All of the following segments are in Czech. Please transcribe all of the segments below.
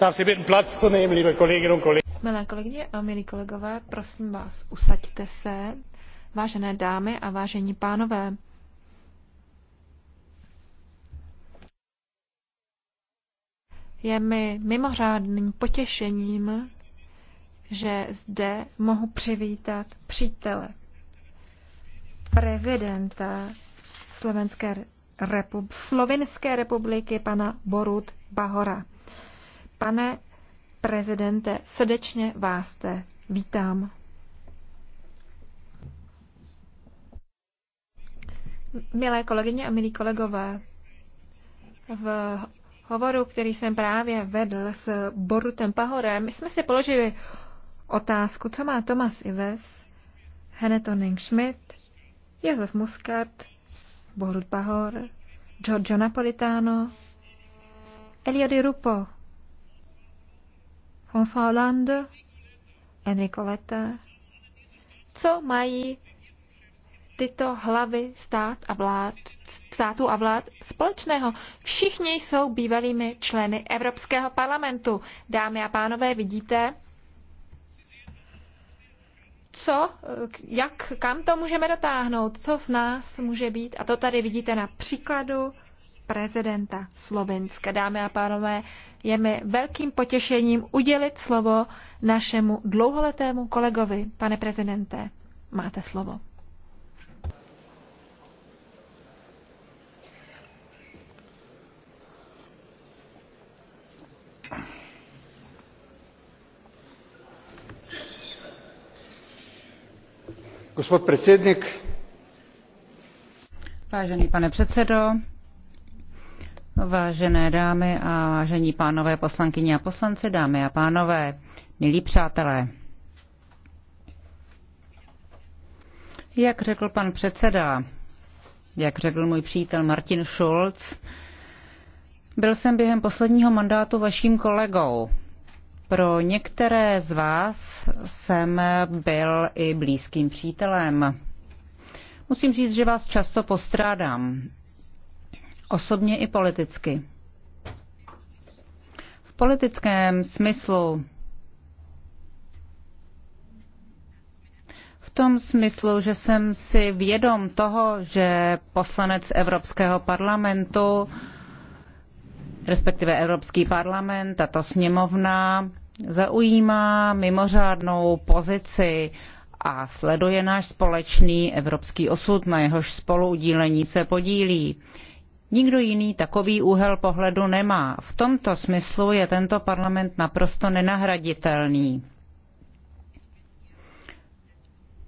Milé kolegyně a milí kolegové, prosím vás, usaďte se. Vážené dámy a vážení pánové, je mi mimořádným potěšením, že zde mohu přivítat přítele, prezidenta Slovenské republiky, Slovinské republiky, pana Borut Bahora. Pane prezidente, srdečně vás te vítám. Milé kolegyně a milí kolegové, v hovoru, který jsem právě vedl s Borutem Pahorem, my jsme si položili otázku, co má Thomas Ives, Hene Schmidt, Josef Muscat, Borut Pahor, Giorgio Napolitano, Eliody Rupo, François Hollande, Enrico Letta. Co mají tyto hlavy stát a vlád, států a vlád společného. Všichni jsou bývalými členy Evropského parlamentu. Dámy a pánové, vidíte, co, jak, kam to můžeme dotáhnout, co z nás může být. A to tady vidíte na příkladu prezidenta Slovenska. Dámy a pánové, je mi velkým potěšením udělit slovo našemu dlouholetému kolegovi. Pane prezidente, máte slovo. Vážený pane předsedo, Vážené dámy a vážení pánové poslankyně a poslanci, dámy a pánové, milí přátelé. Jak řekl pan předseda, jak řekl můj přítel Martin Schulz, byl jsem během posledního mandátu vaším kolegou. Pro některé z vás jsem byl i blízkým přítelem. Musím říct, že vás často postrádám osobně i politicky. V politickém smyslu, v tom smyslu, že jsem si vědom toho, že poslanec Evropského parlamentu, respektive Evropský parlament, tato sněmovna, zaujímá mimořádnou pozici a sleduje náš společný evropský osud, na jehož spoluudílení se podílí. Nikdo jiný takový úhel pohledu nemá. V tomto smyslu je tento parlament naprosto nenahraditelný.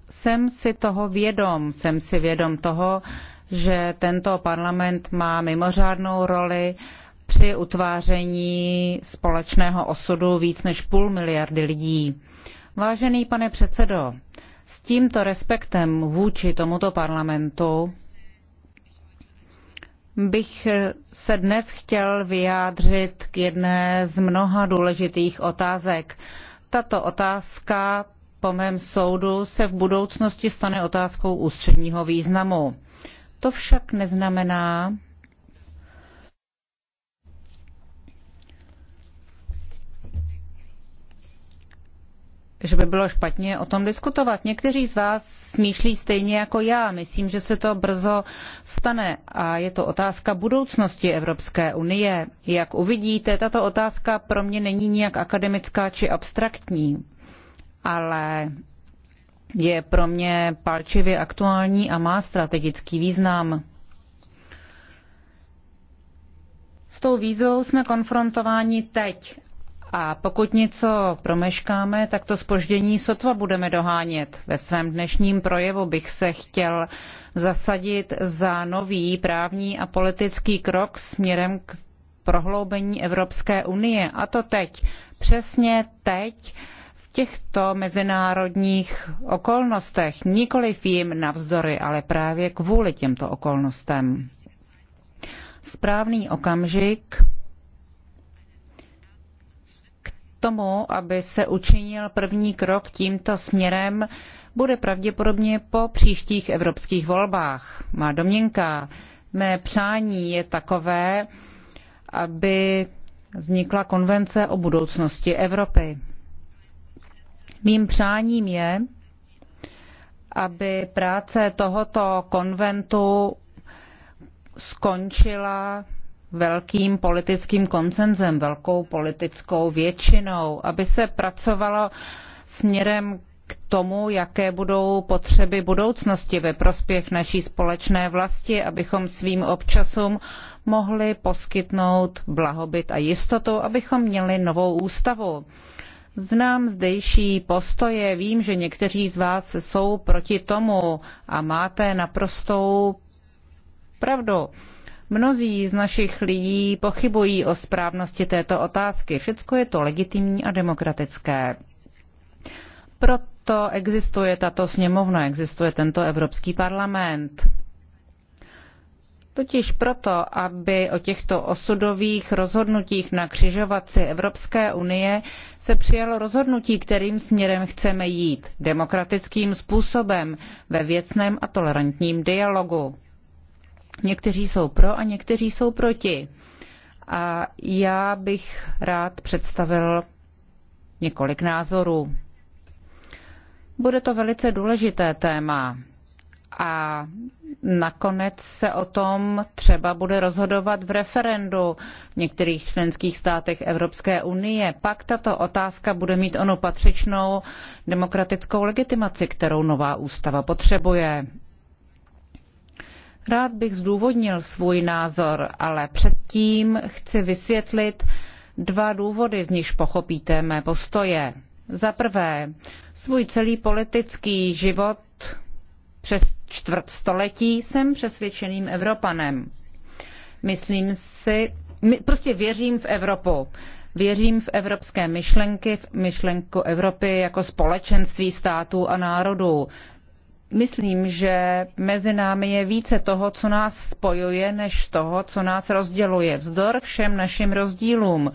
Jsem si toho vědom, jsem si vědom toho, že tento parlament má mimořádnou roli při utváření společného osudu víc než půl miliardy lidí. Vážený pane předsedo, s tímto respektem vůči tomuto parlamentu bych se dnes chtěl vyjádřit k jedné z mnoha důležitých otázek. Tato otázka po mém soudu se v budoucnosti stane otázkou ústředního významu. To však neznamená, že by bylo špatně o tom diskutovat. Někteří z vás smýšlí stejně jako já. Myslím, že se to brzo stane a je to otázka budoucnosti Evropské unie. Jak uvidíte, tato otázka pro mě není nijak akademická či abstraktní, ale je pro mě palčivě aktuální a má strategický význam. S tou výzvou jsme konfrontováni teď a pokud něco promeškáme, tak to spoždění sotva budeme dohánět. Ve svém dnešním projevu bych se chtěl zasadit za nový právní a politický krok směrem k prohloubení Evropské unie. A to teď, přesně teď, v těchto mezinárodních okolnostech, nikoliv jim navzdory, ale právě kvůli těmto okolnostem. Správný okamžik tomu, aby se učinil první krok tímto směrem, bude pravděpodobně po příštích evropských volbách. Má domněnka, mé přání je takové, aby vznikla konvence o budoucnosti Evropy. Mým přáním je, aby práce tohoto konventu skončila velkým politickým koncenzem, velkou politickou většinou, aby se pracovalo směrem k tomu, jaké budou potřeby budoucnosti ve prospěch naší společné vlasti, abychom svým občasům mohli poskytnout blahobyt a jistotu, abychom měli novou ústavu. Znám zdejší postoje, vím, že někteří z vás jsou proti tomu a máte naprostou pravdu. Mnozí z našich lidí pochybují o správnosti této otázky. Všecko je to legitimní a demokratické. Proto existuje tato sněmovna, existuje tento Evropský parlament. Totiž proto, aby o těchto osudových rozhodnutích na křižovatci Evropské unie se přijalo rozhodnutí, kterým směrem chceme jít, demokratickým způsobem, ve věcném a tolerantním dialogu. Někteří jsou pro a někteří jsou proti. A já bych rád představil několik názorů. Bude to velice důležité téma a nakonec se o tom třeba bude rozhodovat v referendu v některých členských státech Evropské unie. Pak tato otázka bude mít onu patřičnou demokratickou legitimaci, kterou nová ústava potřebuje. Rád bych zdůvodnil svůj názor, ale předtím chci vysvětlit dva důvody, z nichž pochopíte mé postoje. Za prvé, svůj celý politický život přes čtvrt století jsem přesvědčeným Evropanem. Myslím si, prostě věřím v Evropu. Věřím v evropské myšlenky, v myšlenku Evropy jako společenství států a národů. Myslím, že mezi námi je více toho, co nás spojuje, než toho, co nás rozděluje. Vzdor všem našim rozdílům.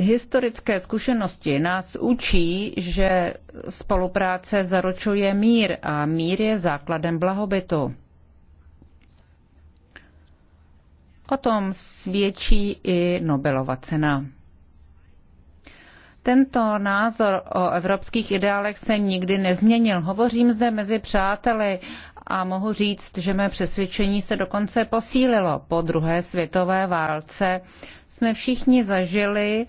Historické zkušenosti nás učí, že spolupráce zaručuje mír a mír je základem blahobytu. O tom svědčí i Nobelova cena. Tento názor o evropských ideálech se nikdy nezměnil. Hovořím zde mezi přáteli a mohu říct, že mé přesvědčení se dokonce posílilo. Po druhé světové válce jsme všichni zažili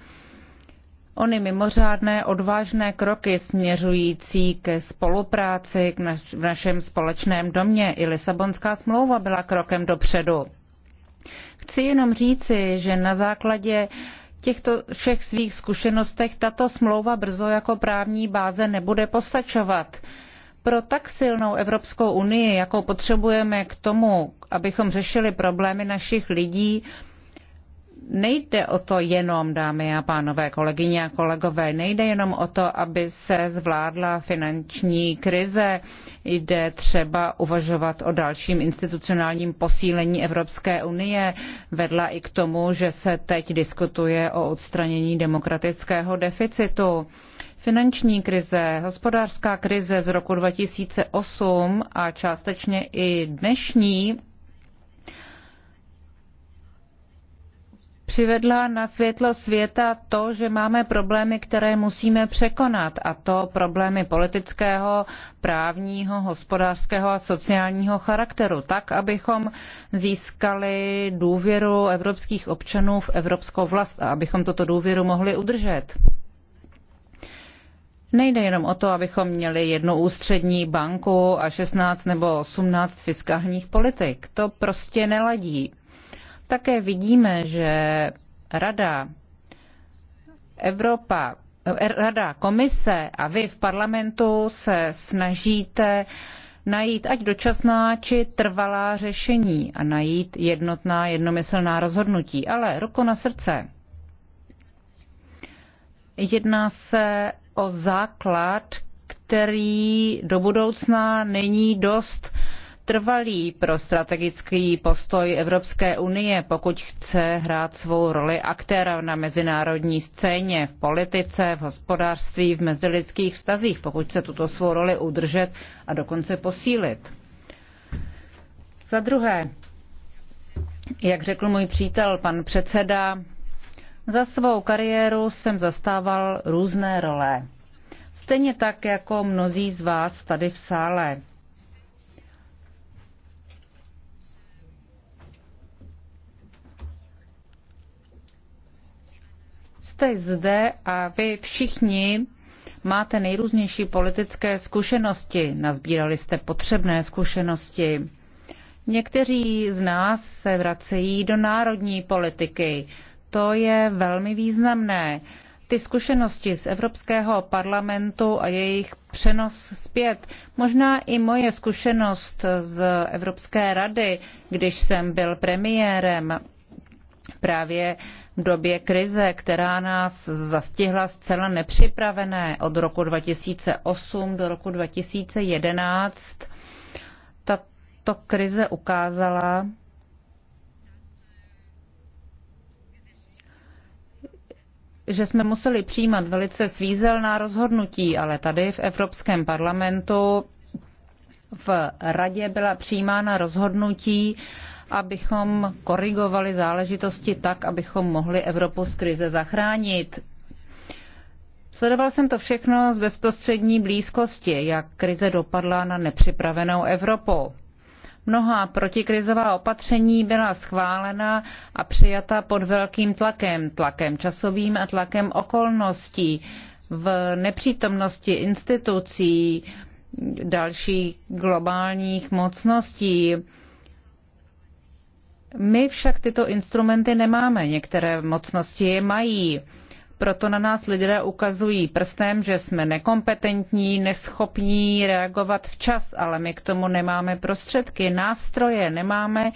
ony mimořádné odvážné kroky směřující ke spolupráci k naš- v našem společném domě. I Lisabonská smlouva byla krokem dopředu. Chci jenom říci, že na základě uh, těchto všech svých zkušenostech tato smlouva brzo jako právní báze nebude postačovat. Pro tak silnou Evropskou unii, jakou potřebujeme k tomu, abychom řešili problémy našich lidí, nejde o to jenom, dámy a pánové, kolegyně a kolegové, nejde jenom o to, aby se zvládla finanční krize, jde třeba uvažovat o dalším institucionálním posílení Evropské unie. Vedla i k tomu, že se teď diskutuje o odstranění demokratického deficitu. Finanční krize, hospodářská krize z roku 2008 a částečně i dnešní přivedla na světlo světa to, že máme problémy, které musíme překonat, a to problémy politického, právního, hospodářského a sociálního charakteru, tak, abychom získali důvěru evropských občanů v evropskou vlast a abychom toto důvěru mohli udržet. Nejde jenom o to, abychom měli jednu ústřední banku a 16 nebo 18 fiskálních politik. To prostě neladí. Také vidíme, že Rada, Evropa, eh, Rada, Komise a vy v parlamentu se snažíte najít ať dočasná či trvalá řešení a najít jednotná jednomyslná rozhodnutí. Ale ruko na srdce. Jedná se o základ, který do budoucna není dost trvalý pro strategický postoj Evropské unie, pokud chce hrát svou roli aktéra na mezinárodní scéně, v politice, v hospodářství, v mezilidských vztazích, pokud chce tuto svou roli udržet a dokonce posílit. Za druhé, jak řekl můj přítel, pan předseda, za svou kariéru jsem zastával různé role. Stejně tak jako mnozí z vás tady v sále. jste zde a vy všichni máte nejrůznější politické zkušenosti, nazbírali jste potřebné zkušenosti. Někteří z nás se vracejí do národní politiky. To je velmi významné. Ty zkušenosti z Evropského parlamentu a jejich přenos zpět, možná i moje zkušenost z Evropské rady, když jsem byl premiérem právě v době krize, která nás zastihla zcela nepřipravené od roku 2008 do roku 2011. Tato krize ukázala, že jsme museli přijímat velice svízelná rozhodnutí, ale tady v Evropském parlamentu v radě byla přijímána rozhodnutí, abychom korigovali záležitosti tak, abychom mohli Evropu z krize zachránit. Sledoval jsem to všechno z bezprostřední blízkosti, jak krize dopadla na nepřipravenou Evropu. Mnoha protikrizová opatření byla schválena a přijata pod velkým tlakem, tlakem časovým a tlakem okolností, v nepřítomnosti institucí, dalších globálních mocností. My však tyto instrumenty nemáme, některé mocnosti je mají. Proto na nás lidé ukazují prstem, že jsme nekompetentní, neschopní reagovat včas, ale my k tomu nemáme prostředky, nástroje, nemáme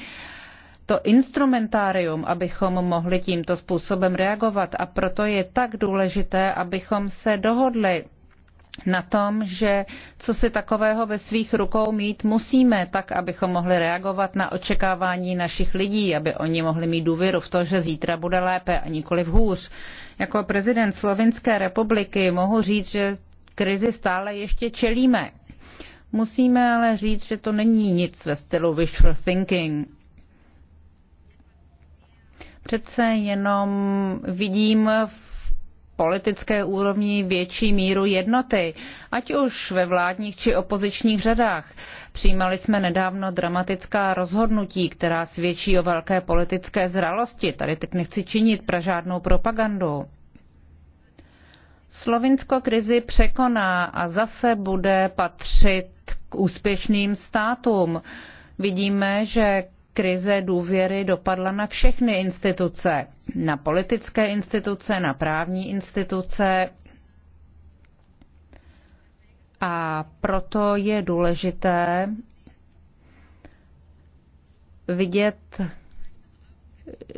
to instrumentárium, abychom mohli tímto způsobem reagovat. A proto je tak důležité, abychom se dohodli na tom, že co si takového ve svých rukou mít musíme, tak abychom mohli reagovat na očekávání našich lidí, aby oni mohli mít důvěru v to, že zítra bude lépe a nikoli hůř. Jako prezident Slovinské republiky mohu říct, že krizi stále ještě čelíme. Musíme ale říct, že to není nic ve stylu wishful thinking. Přece jenom vidím v politické úrovni větší míru jednoty, ať už ve vládních či opozičních řadách. Přijímali jsme nedávno dramatická rozhodnutí, která svědčí o velké politické zralosti. Tady teď nechci činit pro žádnou propagandu. Slovinsko krizi překoná a zase bude patřit k úspěšným státům. Vidíme, že krize důvěry dopadla na všechny instituce, na politické instituce, na právní instituce. A proto je důležité vidět,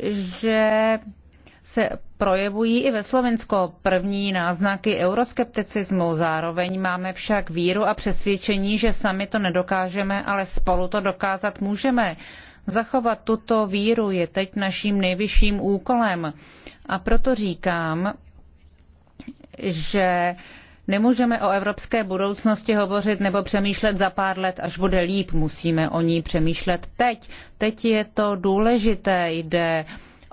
že se projevují i ve Slovensko první náznaky euroskepticismu. Zároveň máme však víru a přesvědčení, že sami to nedokážeme, ale spolu to dokázat můžeme. Zachovat tuto víru je teď naším nejvyšším úkolem. A proto říkám, že nemůžeme o evropské budoucnosti hovořit nebo přemýšlet za pár let, až bude líp. Musíme o ní přemýšlet teď. Teď je to důležité. Jde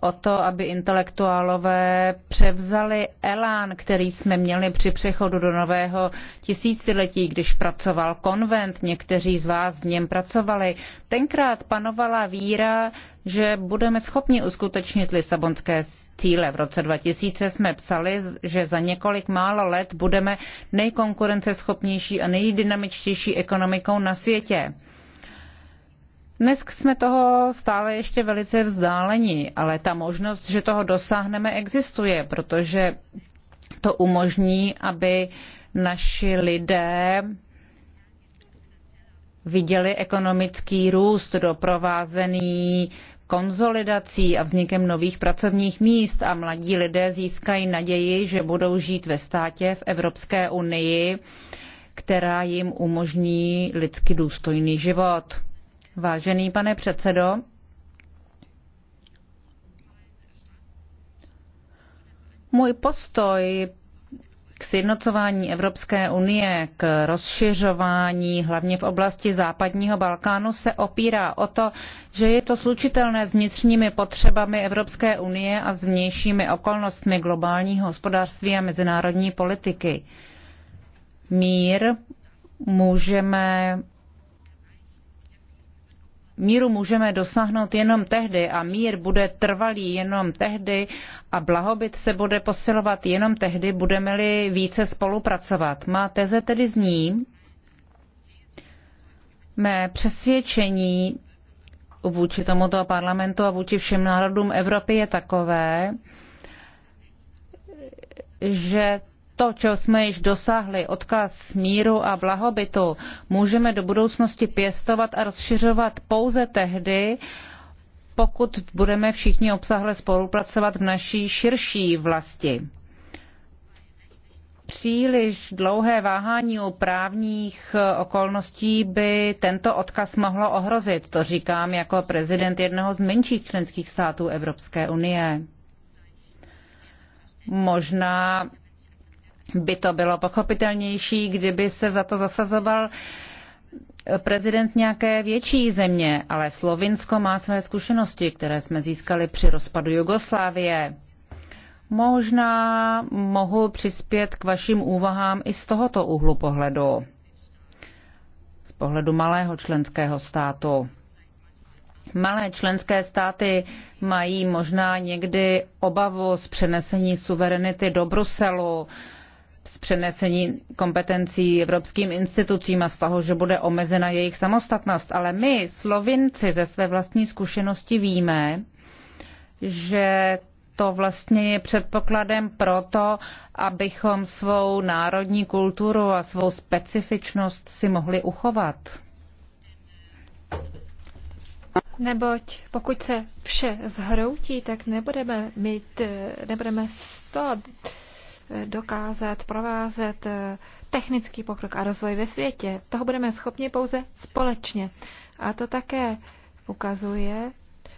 o to, aby intelektuálové převzali elán, který jsme měli při přechodu do nového tisíciletí, když pracoval konvent, někteří z vás v něm pracovali. Tenkrát panovala víra, že budeme schopni uskutečnit Lisabonské cíle. V roce 2000 jsme psali, že za několik málo let budeme nejkonkurenceschopnější a nejdynamičtější ekonomikou na světě. Dnes jsme toho stále ještě velice vzdáleni, ale ta možnost, že toho dosáhneme, existuje, protože to umožní, aby naši lidé viděli ekonomický růst doprovázený konzolidací a vznikem nových pracovních míst a mladí lidé získají naději, že budou žít ve státě v Evropské unii, která jim umožní lidsky důstojný život. Vážený pane předsedo, můj postoj k sjednocování Evropské unie, k rozšiřování, hlavně v oblasti západního Balkánu, se opírá o to, že je to slučitelné s vnitřními potřebami Evropské unie a s vnějšími okolnostmi globálního hospodářství a mezinárodní politiky. Mír můžeme Míru můžeme dosáhnout jenom tehdy a mír bude trvalý jenom tehdy a blahobyt se bude posilovat jenom tehdy, budeme-li více spolupracovat. Má teze tedy zní, mé přesvědčení vůči tomuto parlamentu a vůči všem národům Evropy je takové, že to, čeho jsme již dosáhli, odkaz míru a blahobytu, můžeme do budoucnosti pěstovat a rozšiřovat pouze tehdy, pokud budeme všichni obsahle spolupracovat v naší širší vlasti. Příliš dlouhé váhání u právních okolností by tento odkaz mohlo ohrozit, to říkám jako prezident jednoho z menších členských států Evropské unie. Možná by to bylo pochopitelnější, kdyby se za to zasazoval prezident nějaké větší země, ale Slovinsko má své zkušenosti, které jsme získali při rozpadu Jugoslávie. Možná mohu přispět k vašim úvahám i z tohoto úhlu pohledu, z pohledu malého členského státu. Malé členské státy mají možná někdy obavu z přenesení suverenity do Bruselu, s přenesení kompetencí evropským institucím a z toho, že bude omezena jejich samostatnost. Ale my, Slovinci, ze své vlastní zkušenosti víme, že to vlastně je předpokladem pro to, abychom svou národní kulturu a svou specifičnost si mohli uchovat. Neboť pokud se vše zhroutí, tak nebudeme mít, eh, nebudeme stát dokázat provázet eh, technický pokrok a rozvoj ve světě. Toho budeme schopni pouze společně. A to také ukazuje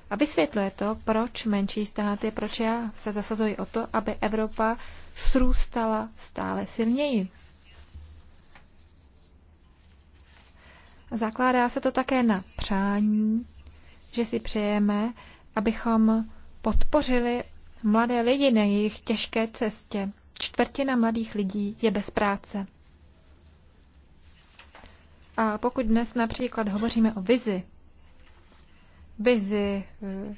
a vysvětluje to, proč menší státy, proč já se zasazuji o to, aby Evropa srůstala stále silněji. Zakládá se to také na přání, že si přejeme, abychom podpořili mladé lidi na jejich těžké cestě čtvrtina mladých lidí je bez práce. A pokud dnes například hovoříme o vizi, vizi eh,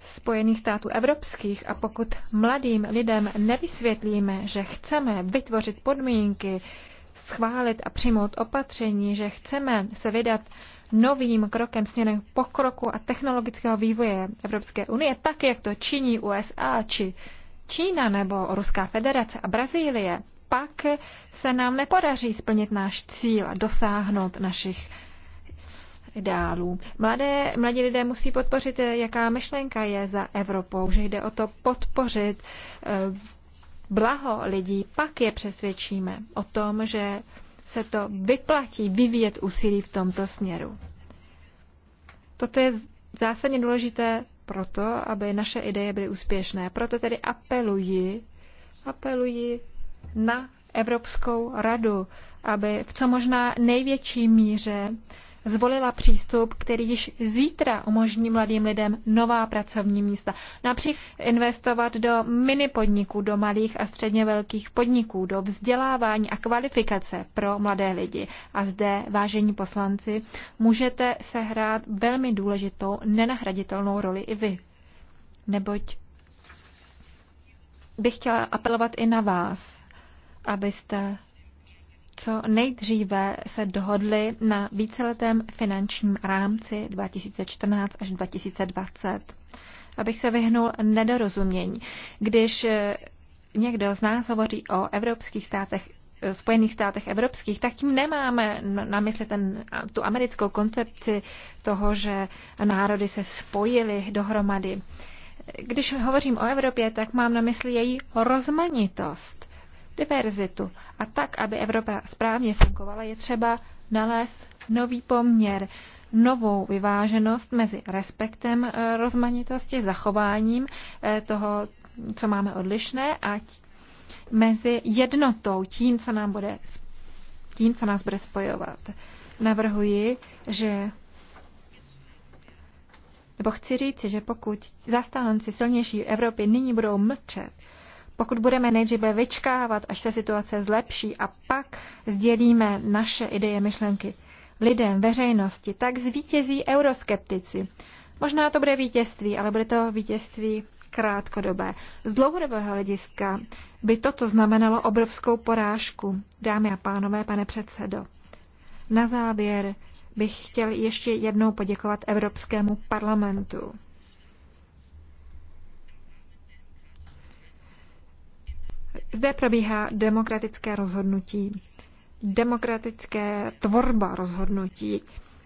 Spojených států evropských a pokud mladým lidem nevysvětlíme, že chceme vytvořit podmínky, schválit a přijmout opatření, že chceme se vydat novým krokem směrem pokroku a technologického vývoje Evropské unie, tak jak to činí USA či Čína nebo Ruská federace a Brazílie, pak se nám nepodaří splnit náš cíl a dosáhnout našich ideálů. Mladé, mladí lidé musí podpořit, eh, jaká myšlenka je za Evropou, že jde o to podpořit eh, blaho lidí, pak je přesvědčíme o tom, že se to vyplatí vyvíjet úsilí v tomto směru. Toto je zásadně důležité proto, aby naše ideje byly úspěšné. Proto tedy apeluji, apeluji na Evropskou radu, aby v co možná největší míře zvolila přístup, který již zítra umožní mladým lidem nová pracovní místa. Například investovat do mini podniků, do malých a středně velkých podniků, do vzdělávání a kvalifikace pro mladé lidi. A zde, vážení poslanci, můžete sehrát velmi důležitou, nenahraditelnou roli i vy. Neboť bych chtěla apelovat i na vás, abyste co nejdříve se dohodli na víceletém finančním rámci 2014 až 2020. Abych se vyhnul nedorozumění, když eh, někdo z nás hovoří o evropských státech eh, Spojených státech evropských, tak tím nemáme na mysli ten, tu americkou koncepci toho, že národy se spojily dohromady. Když hovořím o Evropě, tak mám na mysli její rozmanitost diverzitu. A tak, aby Evropa správně fungovala, je třeba nalézt nový poměr, novou vyváženost mezi respektem eh, rozmanitosti, zachováním eh, toho, co máme odlišné, a mezi jednotou, tím, co, nám bude, tím, co nás bude spojovat. Navrhuji, že nebo chci říct, že pokud zastánci silnější Evropy nyní budou mlčet, pokud budeme nejdříve vyčkávat, až se situace zlepší a pak sdělíme naše ideje, myšlenky lidem, veřejnosti, tak zvítězí euroskeptici. Možná to bude vítězství, ale bude to vítězství krátkodobé. Z dlouhodobého hlediska by toto znamenalo obrovskou porážku, dámy a pánové, pane předsedo. Na závěr bych chtěl ještě jednou poděkovat Evropskému parlamentu. Zde probíhá demokratické rozhodnutí, demokratické tvorba rozhodnutí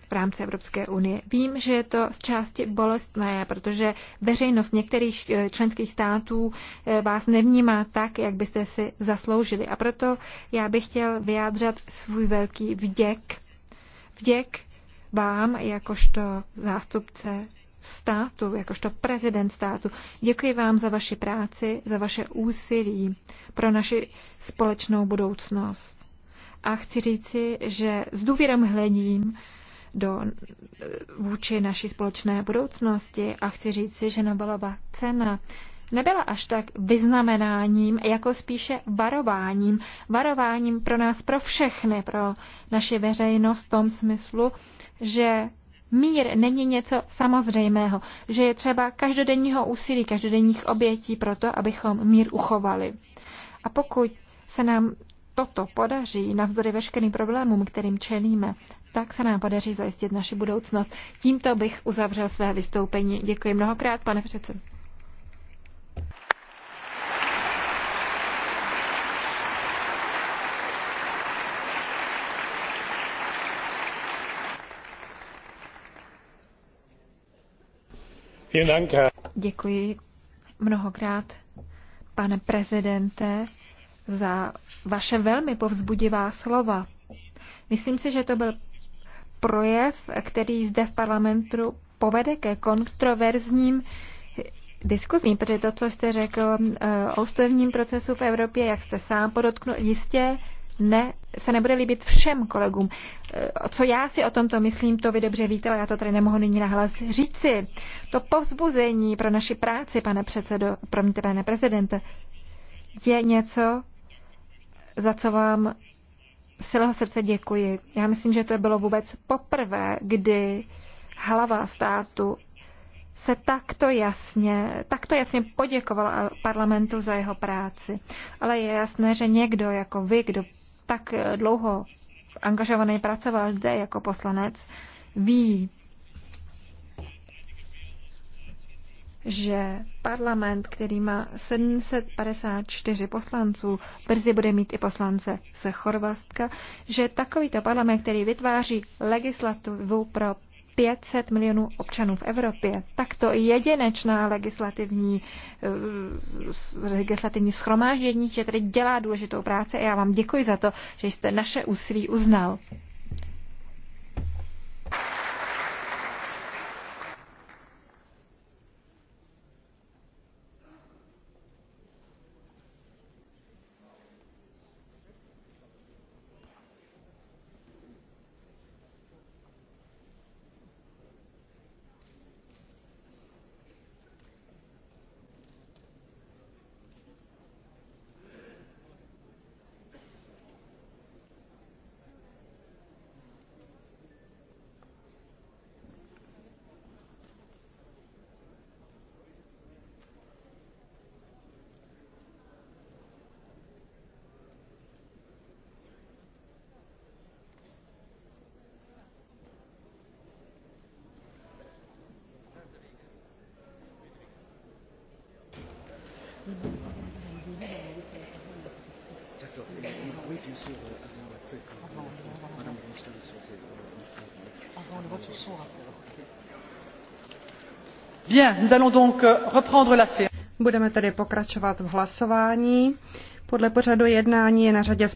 v rámci Evropské unie. Vím, že je to v části bolestné, protože veřejnost některých eh, členských států eh, vás nevnímá tak, jak byste si zasloužili. A proto já bych chtěl vyjádřit svůj velký vděk. Vděk vám, jakožto zástupce státu, jakožto prezident státu. Děkuji vám za vaši práci, za vaše úsilí pro naši společnou budoucnost. A chci říci, že s důvěrem hledím do, vůči naší společné budoucnosti a chci říci, že Nobelova cena nebyla až tak vyznamenáním, jako spíše varováním. Varováním pro nás, pro všechny, pro naši veřejnost v tom smyslu, že mír není něco samozřejmého, že je třeba každodenního úsilí, každodenních obětí pro to, abychom mír uchovali. A pokud se nám toto podaří navzdory veškerým problémům, kterým čelíme, tak se nám podaří zajistit naši budoucnost. Tímto bych uzavřel své vystoupení. Děkuji mnohokrát, pane předsedo. Děkuji mnohokrát, pane prezidente, za vaše velmi povzbudivá slova. Myslím si, že to byl projev, který zde v parlamentu povede ke kontroverzním diskuzím, protože to, co jste řekl eh, o ústavním procesu v Evropě, jak jste sám podotknul, jistě ne, se nebude líbit všem kolegům. E, co já si o tomto myslím, to vy dobře víte, ale já to tady nemohu nyní nahlas říci. To povzbuzení pro naši práci, pane předsedo, promiňte, pane prezidente, je něco, za co vám celého srdce děkuji. Já myslím, že to bylo vůbec poprvé, kdy hlava státu se takto jasně, takto jasně poděkovala parlamentu za jeho práci. Ale je jasné, že někdo jako vy, kdo tak dlouho angažovaný pracoval zde jako poslanec, ví, že parlament, který má 754 poslanců, brzy bude mít i poslance se Chorvatska, že takovýto parlament, který vytváří legislativu pro 500 milionů občanů v Evropě. Takto jedinečná legislativní, eh, legislativní schromáždění, že tedy dělá důležitou práci a já vám děkuji za to, že jste naše úsilí uznal. Euh, Budeme tedy pokračovat v hlasování. Podle pořadu jednání je na řadě